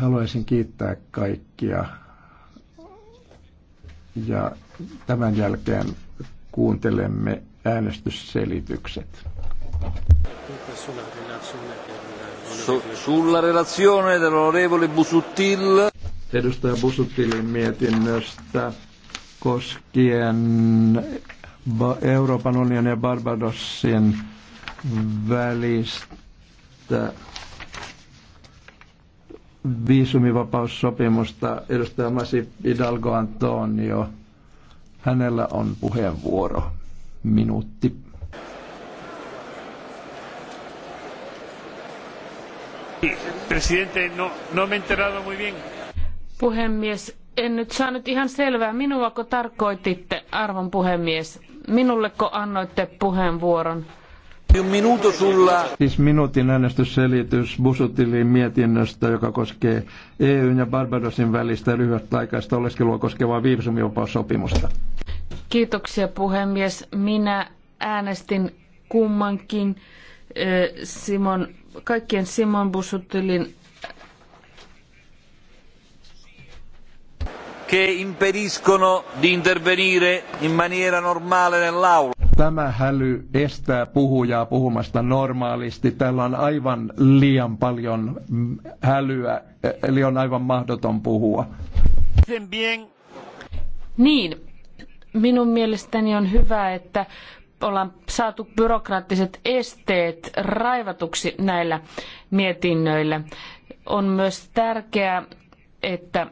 Haluaisin kiittää kaikkia ja tämän jälkeen kuuntelemme äänestysselitykset. Sulla relazione dell'onorevole Busuttil. Edustaja Busuttilin mietinnöstä koskien Euroopan unionin ja Barbadosin välistä viisumivapaussopimusta edustaja Masi Hidalgo Antonio. Hänellä on puheenvuoro. Minuutti. Presidente, no, no me enterado muy bien. Puhemies, en nyt saanut ihan selvää. Minuako tarkoititte, arvon puhemies? Minulleko annoitte puheenvuoron? Minuto sulla. Siis minuutin äänestysselitys Busutilin mietinnöstä, joka koskee EUn ja Barbadosin välistä aikaista oleskelua koskevaa viivisumiopaussopimusta. Kiitoksia puhemies. Minä äänestin kummankin Simon, kaikkien Simon Busutilin che impediscono di intervenire in maniera normale nell'aula. Tämä häly estää puhujaa puhumasta normaalisti. Täällä on aivan liian paljon hälyä, eli on aivan mahdoton puhua. Niin, minun mielestäni on hyvä, että ollaan saatu byrokraattiset esteet raivatuksi näillä mietinnöillä. On myös tärkeää, että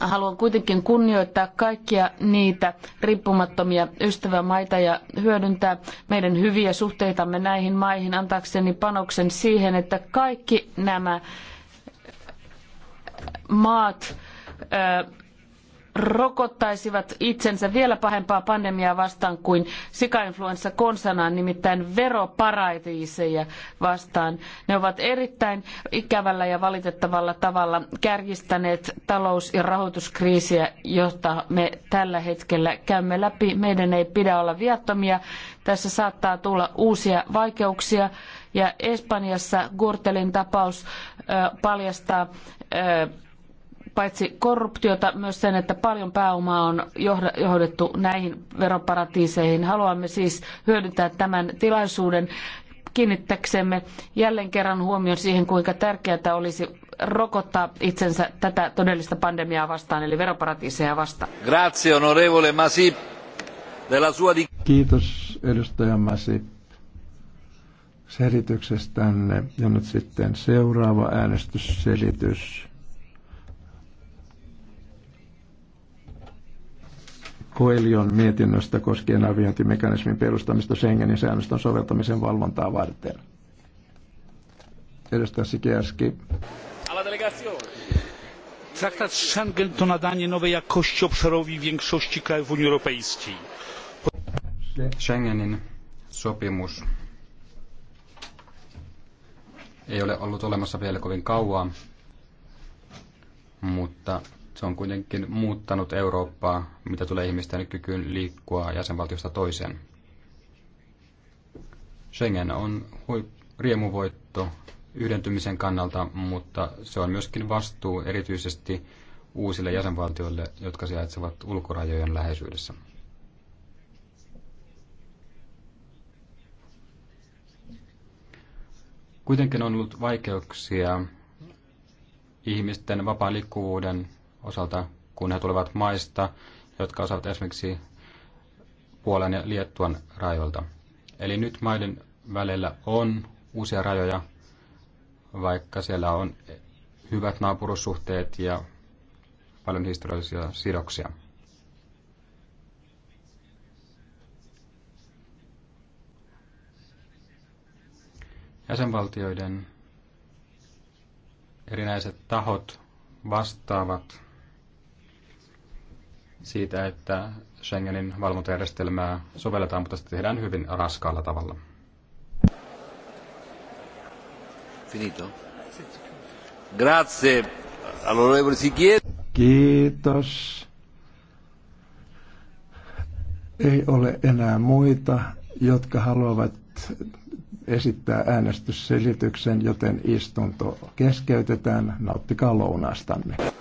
Haluan kuitenkin kunnioittaa kaikkia niitä riippumattomia ystävämaita ja hyödyntää meidän hyviä suhteitamme näihin maihin antaakseni panoksen siihen, että kaikki nämä maat rokottaisivat itsensä vielä pahempaa pandemiaa vastaan kuin sikainfluenssa konsanaan, nimittäin veroparatiiseja vastaan. Ne ovat erittäin ikävällä ja valitettavalla tavalla kärjistäneet talous- ja rahoituskriisiä, jota me tällä hetkellä käymme läpi. Meidän ei pidä olla viattomia. Tässä saattaa tulla uusia vaikeuksia. Ja Espanjassa Gurtelin tapaus paljastaa paitsi korruptiota, myös sen, että paljon pääomaa on johdettu näihin veroparatiiseihin. Haluamme siis hyödyntää tämän tilaisuuden kiinnittäksemme jälleen kerran huomion siihen, kuinka tärkeää olisi rokottaa itsensä tätä todellista pandemiaa vastaan, eli veroparatiiseja vastaan. Grazie, onorevole Masip. Della sua di... Kiitos, edustaja Masip selityksestänne. Ja nyt sitten seuraava äänestysselitys. Koelion mietinnöstä koskien arviointimekanismin perustamista Schengenin säännöstön soveltamisen valvontaa varten. Edustaja Sikierski. Traktat Schengen to nadanie nowej jakości obszarowi większości krajów Unii Europejskiej. Schengenin sopimus ei ole ollut olemassa vielä kovin kauan, mutta se on kuitenkin muuttanut Eurooppaa, mitä tulee ihmisten kykyyn liikkua jäsenvaltiosta toiseen. Schengen on riemuvoitto yhdentymisen kannalta, mutta se on myöskin vastuu erityisesti uusille jäsenvaltioille, jotka sijaitsevat ulkorajojen läheisyydessä. Kuitenkin on ollut vaikeuksia ihmisten vapaan liikkuvuuden osalta, kun he tulevat maista, jotka osaavat esimerkiksi Puolan ja Liettuan rajoilta. Eli nyt maiden välillä on uusia rajoja, vaikka siellä on hyvät naapurussuhteet ja paljon historiallisia sidoksia. Jäsenvaltioiden erinäiset tahot vastaavat siitä, että Schengenin valvontajärjestelmää sovelletaan, mutta se tehdään hyvin raskaalla tavalla. Finito. Grazie. Allora, si Kiitos. Ei ole enää muita, jotka haluavat esittää äänestysselityksen, joten istunto keskeytetään. Nauttikaa lounastanne.